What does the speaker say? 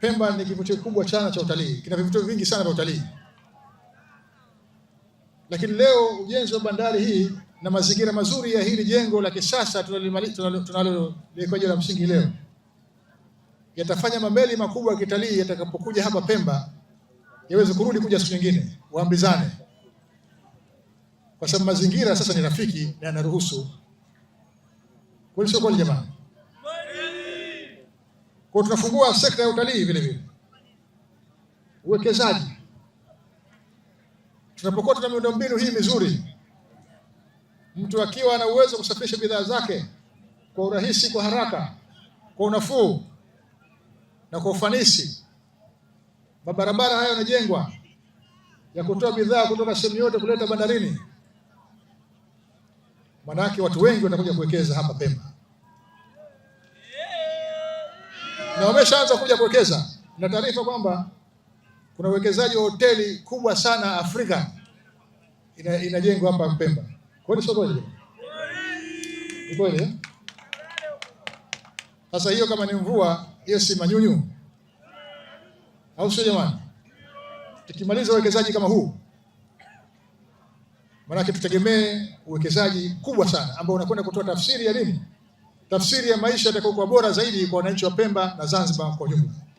Pemba ni kivutio kikubwa sana cha utalii, kina vivutio vingi sana vya utalii, lakini leo ujenzi wa bandari hii na mazingira mazuri ya hili jengo la kisasa tunaloliweka jiwe la msingi leo yatafanya mameli makubwa ya kitalii yatakapokuja hapa Pemba yaweze kurudi kuja siku nyingine, waambizane, kwa sababu mazingira sasa ni rafiki na yanaruhusu kweli, sio kweli jamani? Kwa tunafungua sekta ya utalii vile vile, uwekezaji. Tunapokuwa tuna miundombinu hii mizuri, mtu akiwa ana uwezo kusafirisha bidhaa zake kwa urahisi, kwa haraka, kwa unafuu na kwa ufanisi, mabarabara haya yanajengwa ya kutoa bidhaa kutoka sehemu yote kuleta bandarini, maanake watu wengi watakuja kuwekeza hapa Pemba. na wameshaanza kuja kuwekeza. Na taarifa kwamba kuna uwekezaji wa hoteli kubwa sana Afrika inajengwa hapa Pemba. Kweli sio kweli? Ni kweli. Eh? Sasa hiyo kama ni mvua, hiyo si manyunyu, au sio jamani? Tukimaliza uwekezaji kama huu, maanake tutegemee uwekezaji kubwa sana ambao unakwenda kutoa tafsiri ya nini tafsiri ya maisha yatakayokuwa bora zaidi kwa wananchi wa Pemba na Zanzibar kwa ujumla.